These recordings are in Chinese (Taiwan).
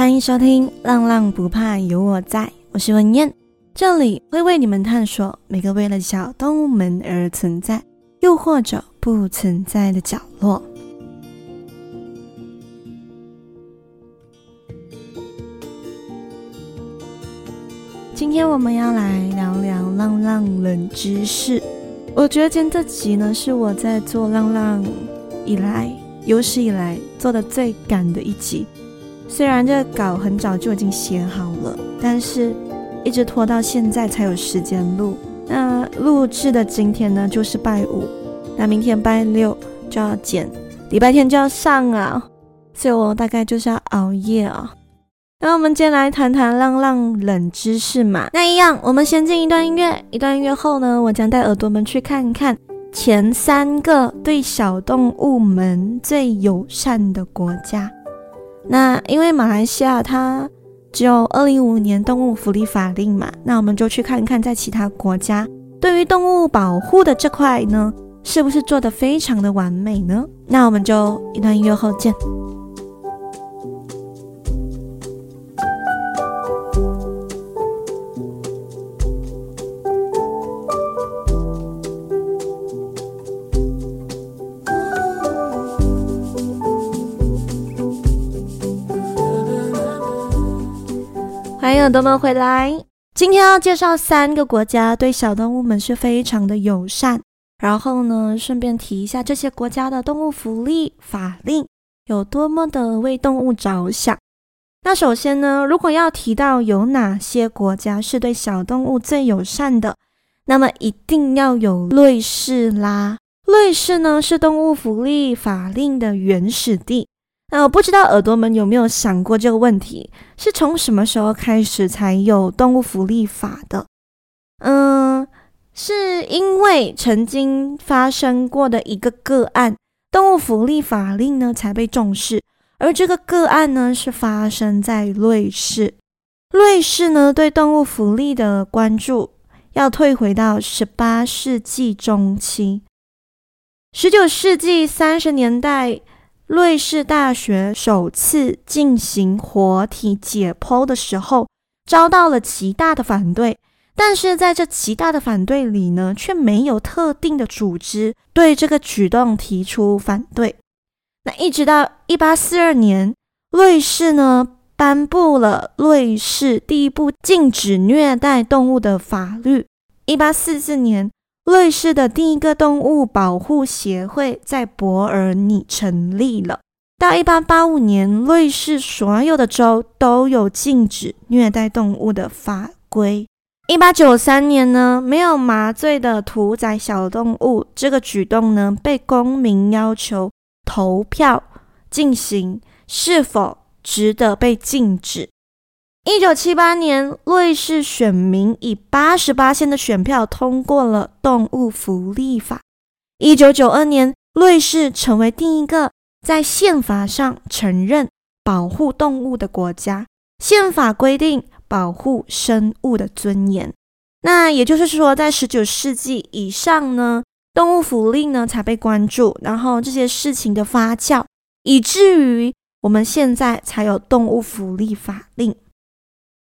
歡迎收聽《浪浪不怕有我在》，我是文燕，這裡會為你們探索每個為了小動物們而存在，又或者不存在的角落。今天我們要來聊聊浪浪冷知識。我覺得今天這集呢，是我在做浪浪以來有史以來做的最趕的一集。雖然這個稿很早就已經寫好了，但是，一直拖到現在才有時間錄。那錄制的今天呢，就是拜五，那明天拜六就要剪，禮拜天就要上啊，所以我大概就是要熬夜啊。那我們今天來談談浪浪冷知識嘛。那一樣，我們先進一段音樂，一段音樂後呢，我將帶耳朵們去看看前三個對小動物們最友善的國家。那因為馬來西亞它只有2015年動物福利法令嘛，那我們就去看一看在其他國家對於動物保護的這塊呢，是不是做得非常的完美呢？那我們就一段音樂後見。朋友們回來，今天要介紹三個國家對小動物們是非常的友善。然後呢，順便提一下這些國家的動物福利法令有多麼的為動物着想。那首先呢，如果要提到有哪些國家是對小動物最友善的，那麼一定要有瑞士啦。瑞士呢是動物福利法令的原始地。那、啊、我不知道耳朵們有沒有想過這個問題：是從什麼時候開始才有動物福利法的？嗯，是因為曾經發生過的一個個案，動物福利法令呢才被重視。而這個個案呢，是發生在瑞士。瑞士呢對動物福利的關注要退回到十八世紀中期，十九世紀三十年代。瑞士大學首次進行活體解剖的時候，遭到了極大的反對。但是在這極大的反對裡呢，卻沒有特定的組織對這個舉動提出反對。那一直到一八四二年，瑞士呢頒布了瑞士第一部禁止虐待動物的法律。一八四四年。瑞士的第一個動物保護協會在伯爾尼成立了。到1885年，瑞士所有的州都有禁止虐待動物的法規。1893年呢，沒有麻醉的屠宰小動物，這個舉動呢，被公民要求投票進行，是否值得被禁止。一九七八年，瑞士選民以八十八趴的選票通過了動物福利法。一九九二年，瑞士成為第一個在憲法上承認保護動物的國家。憲法規定保護生物的尊嚴。那也就是說，在十九世紀以上呢，動物福利呢才被關注，然後這些事情的發酵，以至於我們現在才有動物福利法令。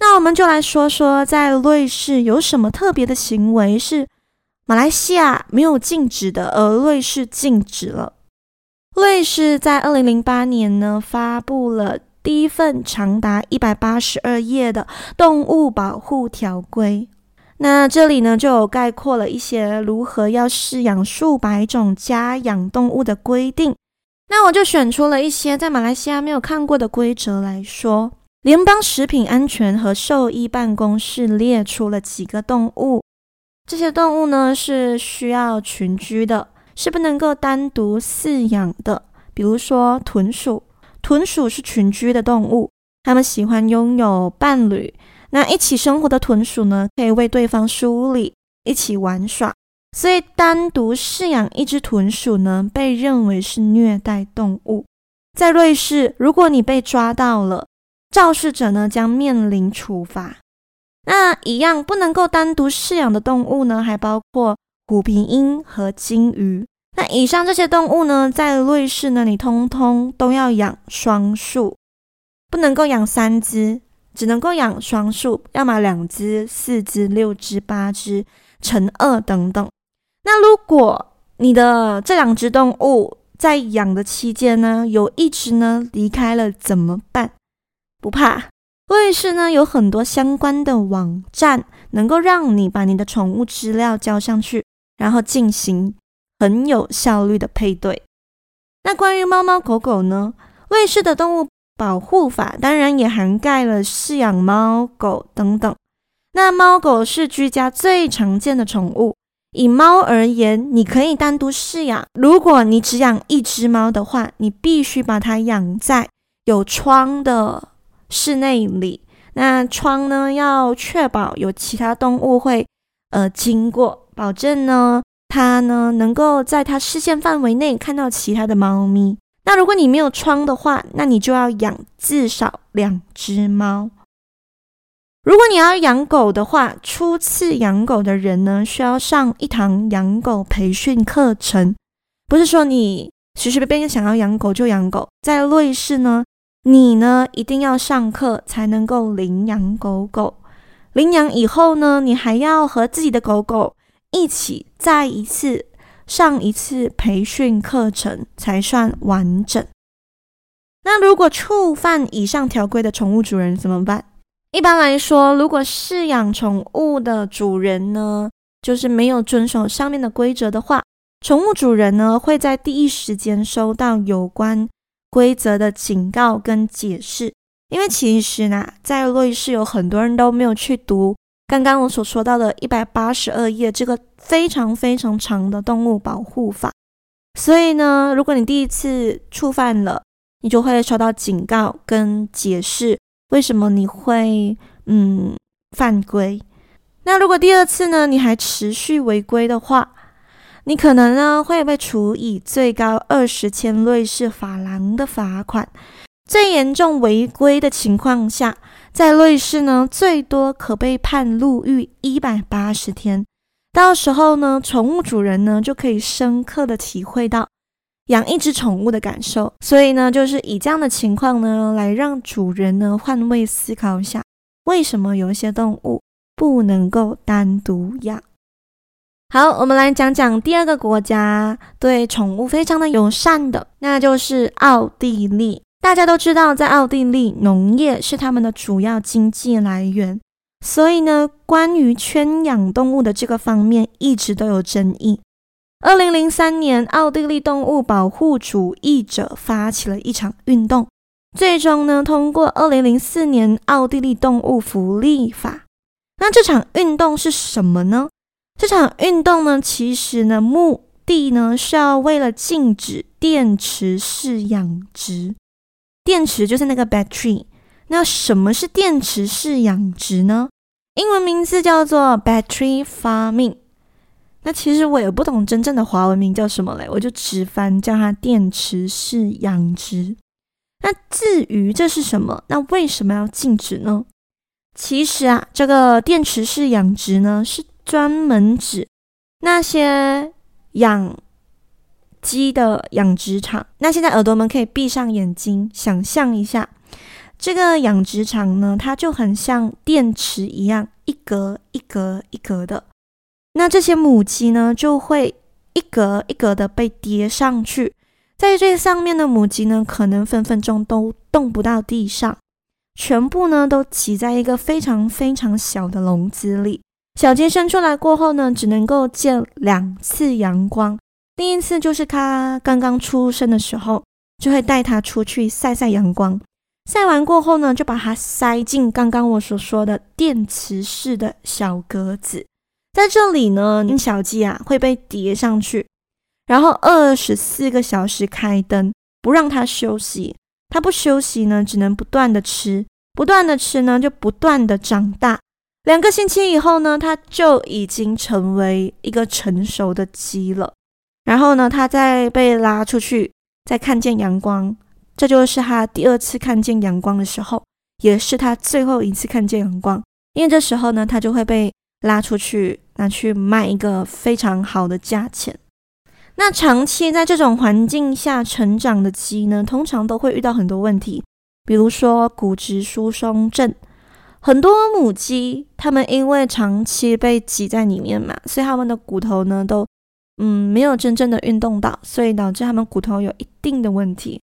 那我們就來說說，在瑞士有什麼特別的行為是馬來西亞沒有禁止的，而瑞士禁止了。瑞士在二零零八年呢，發布了第一份長達一百八十二頁的動物保護條規。那這裡呢，就有概括了一些如何要飼養數百種家養動物的規定。那我就選出了一些在馬來西亞沒有看過的規則來說。聯邦食品安全和獸醫辦公室列出了幾個動物，這些動物呢是需要群居的，是不能夠單獨飼養的。比如說豚鼠，豚鼠是群居的動物，它們喜歡擁有伴侶。那一起生活的豚鼠呢，可以為對方梳理，一起玩耍。所以單獨飼養一隻豚鼠呢，被認為是虐待動物。在瑞士，如果你被抓到了，肇事者呢將面臨處罰。那一樣不能夠單獨飼養的動物呢，還包括虎皮鸚和鯨魚。那以上這些動物呢，在瑞士呢，你通通都要養雙數，不能夠養三隻，只能夠養雙數，要麼兩隻、四隻、六隻、八隻，乘二等等。那如果你的這兩隻動物在養的期間呢，有一隻呢離開了，怎麼辦？不怕，衛士呢有很多相關的網站，能夠讓你把你的寵物資料交上去，然後進行很有效率的配對。那關於貓貓狗狗呢？衛士的動物保護法當然也涵蓋了飼養貓狗等等。那貓狗是居家最常見的寵物。以貓而言，你可以單獨飼養。如果你只養一隻貓的話，你必須把它養在有窗的，室內裡，那窗呢要確保有其他動物會呃經過，保證呢它呢能夠在它視線範圍內看到其他的貓咪。那如果你沒有窗的話，那你就要養至少兩隻貓。如果你要養狗的話，初次養狗的人呢需要上一堂養狗培訓課程，不是說你隨隨便便想要養狗就養狗。在瑞士呢，你呢，一定要上課才能夠領養狗狗。領養以後呢，你還要和自己的狗狗一起再一次上一次培訓課程才算完整。那如果觸犯以上條規的寵物主人怎麼辦？一般來說，如果飼養寵物的主人呢，就是沒有遵守上面的規則的話，寵物主人呢會在第一時間收到有關，規則的警告跟解釋，因為其實呢，在瑞士有很多人都沒有去讀剛剛我所說到的一百八十二頁這個非常非常長的動物保護法，所以呢，如果你第一次觸犯了，你就會收到警告跟解釋為什麼你會嗯犯規。那如果第二次呢，你還持續違規的話，你可能呢會被處以最高二十千瑞士法郎的罰款，最嚴重違規的情況下，在瑞士呢最多可被判入獄一百八十天。到時候呢，寵物主人呢就可以深刻的體會到養一隻寵物的感受。所以呢，就是以這樣的情況呢來讓主人呢換位思考一下，為什麼有一些動物不能夠單獨養？好，我們來講講第二個國家對寵物非常的友善的，那就是奧地利。大家都知道，在奧地利，農業是他們的主要經濟來源，所以呢，關於圈養動物的這個方面一直都有爭議。2003年，奧地利動物保護主義者發起了一場運動，最終呢，通過2004年奧地利動物福利法。那這場運動是什麼呢？這場運動呢，其實呢，目的呢是要為了禁止電池式養殖，電池就是那個 battery。那什麼是電池式養殖呢？英文名字叫做 battery farming。那其實我也不懂真正的華文名叫什麼嘞，我就直翻叫它電池式養殖。那至於這是什麼，那為什麼要禁止呢？其實啊，這個電池式養殖呢是，專門指那些養雞的養殖場。那現在耳朵們可以閉上眼睛，想象一下，這個養殖場呢，它就很像電池一樣，一格一格一格的。那這些母雞呢，就會一格一格的被疊上去，在最上面的母雞呢，可能分分鐘都動不到地上，全部呢都擠在一個非常非常小的籠子裡。小雞生出來過後呢，只能夠見兩次陽光。第一次就是它剛剛出生的時候，就會帶它出去曬曬陽光。曬完過後呢，就把它塞進剛剛我所說的電池式的小格子，在這裡呢，你小雞啊會被疊上去，然後二十四個小時開燈，不讓它休息。它不休息呢，只能不斷的吃，不斷的吃呢，就不斷的長大。兩個星期以後呢，它就已經成為一個成熟的雞了。然後呢，它再被拉出去，再看見陽光，這就是它第二次看見陽光的時候，也是它最後一次看見陽光。因為這時候呢，它就會被拉出去，拿去賣一個非常好的價錢。那長期在這種環境下成長的雞呢，通常都會遇到很多問題，比如說骨質疏鬆症。很多母雞，它們因為長期被擠在裡面嘛，所以它們的骨頭呢都，嗯，沒有真正的運動到，所以導致它們骨頭有一定的問題。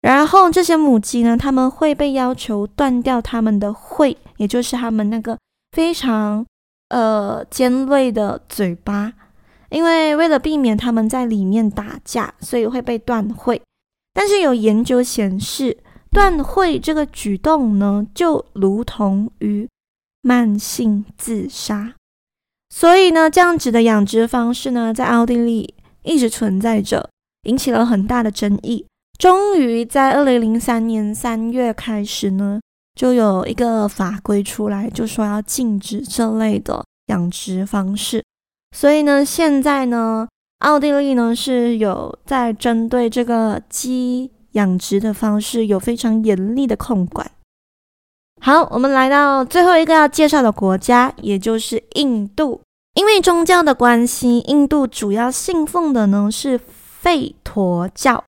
然後這些母雞呢，它們會被要求斷掉它們的喙，也就是它們那個非常呃尖銳的嘴巴，因為為了避免它們在裡面打架，所以會被斷喙。但是有研究顯示，斷喙這個舉動呢，就如同於慢性自殺，所以呢，這樣子的養殖方式呢，在奧地利一直存在着，引起了很大的爭議。終於在二零零三年三月開始呢，就有一個法規出來，就說要禁止這類的養殖方式。所以呢，現在呢，奧地利呢是有在針對這個雞。養殖的方式有非常嚴厲的控管。好，我們來到最後一個要介紹的國家，也就是印度。因為宗教的關係，印度主要信奉的呢是吠陀教。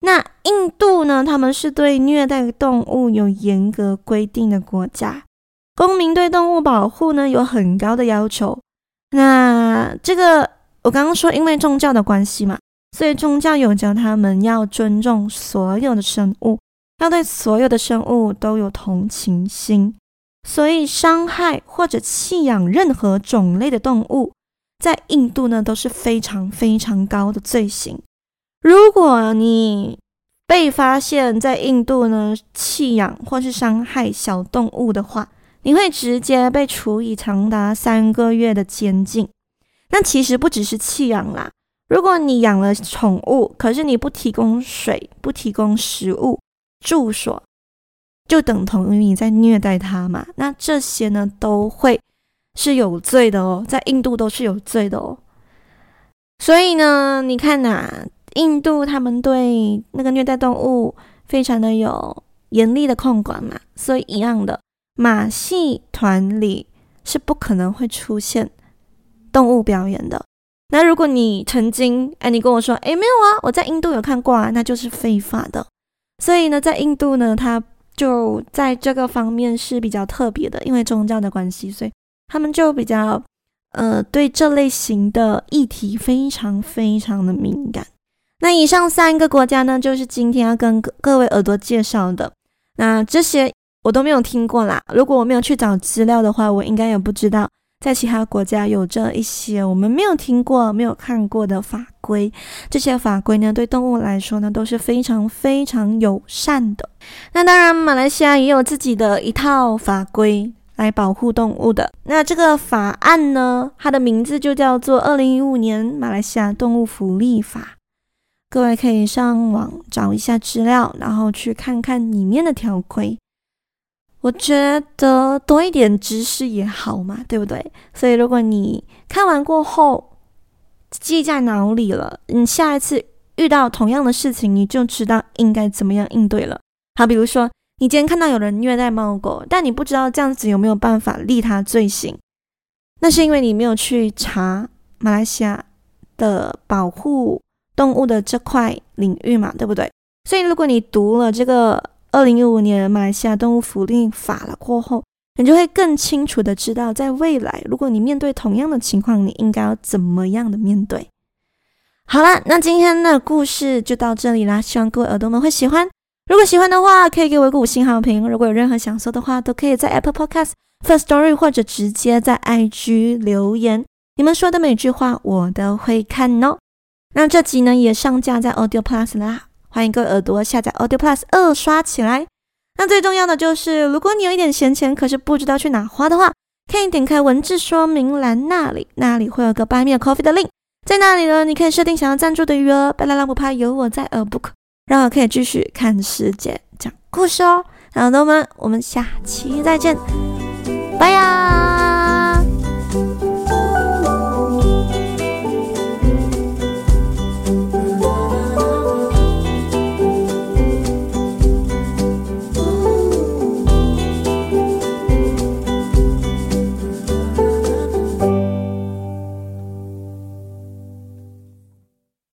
那印度呢，他們是對虐待動物有嚴格規定的國家，公民對動物保護呢有很高的要求。那這個我剛剛說，因為宗教的關係嘛。所以宗教有教他們要尊重所有的生物，要對所有的生物都有同情心。所以傷害或者棄養任何種類的動物，在印度呢都是非常非常高的罪行。如果你被發現在印度呢棄養或是傷害小動物的話，你會直接被處以長達三個月的監禁。那其實不只是棄養啦。如果你養了寵物，可是你不提供水、不提供食物、住所，就等同於你在虐待它嘛？那這些呢都會是有罪的哦，在印度都是有罪的哦。所以呢，你看吶、啊，印度他們對那個虐待動物非常的有嚴厲的控管嘛，所以一樣的，馬戲團裡是不可能會出現動物表演的。那如果你曾經，哎，你跟我說，哎，沒有啊，我在印度有看過啊，那就是非法的。所以呢，在印度呢，他就在這個方面是比較特別的，因為宗教的關係，所以他們就比較，呃，對這類型的議題非常非常的敏感。那以上三個國家呢，就是今天要跟各位耳朵介紹的。那這些我都沒有聽過啦，如果我沒有去找資料的話，我應該也不知道。在其他國家有着一些我們沒有聽過、沒有看過的法規，這些法規呢，對動物來說呢都是非常非常友善的。那當然，馬來西亞也有自己的一套法規來保護動物的。那這個法案呢，它的名字就叫做《二零一五年馬來西亞動物福利法》。各位可以上網找一下資料，然後去看看裡面的條規。我覺得多一點知識也好嘛，對不對？所以如果你看完過後記在腦裡了，你下一次遇到同樣的事情，你就知道應該怎麼樣應對了。好，比如說你今天看到有人虐待貓狗，但你不知道這樣子有沒有辦法立他罪行，那是因為你沒有去查馬來西亞的保護動物的這塊領域嘛，對不對？所以如果你讀了這個。二零一五年馬來西亞動物福利法了過後，你就會更清楚的知道，在未來如果你面對同樣的情況，你應該要怎麼樣的面對。好啦，那今天的故事就到這裡啦，希望各位耳朵們會喜歡。如果喜歡的話，可以給我一個五星好評。如果有任何想說的話，都可以在 Apple Podcast、Firstory 或者直接在 IG 留言，你們說的每句話我都會看哦。那這集呢也上架在 Audio Plus 啦。歡迎各位耳朵下載 Audio Plus，二刷起來。那最重要的就是，如果你有一點閒錢，可是不知道去哪花的話，可以點開文字說明欄那裡，那裡會有個 Buy Me a Coffee 的 link，在那裡呢，你可以設定想要贊助的餘額，Buy 浪浪不怕有我在，book 讓我可以繼續看世界，講故事哦，好的，我們，我們下期再見，拜拜、啊。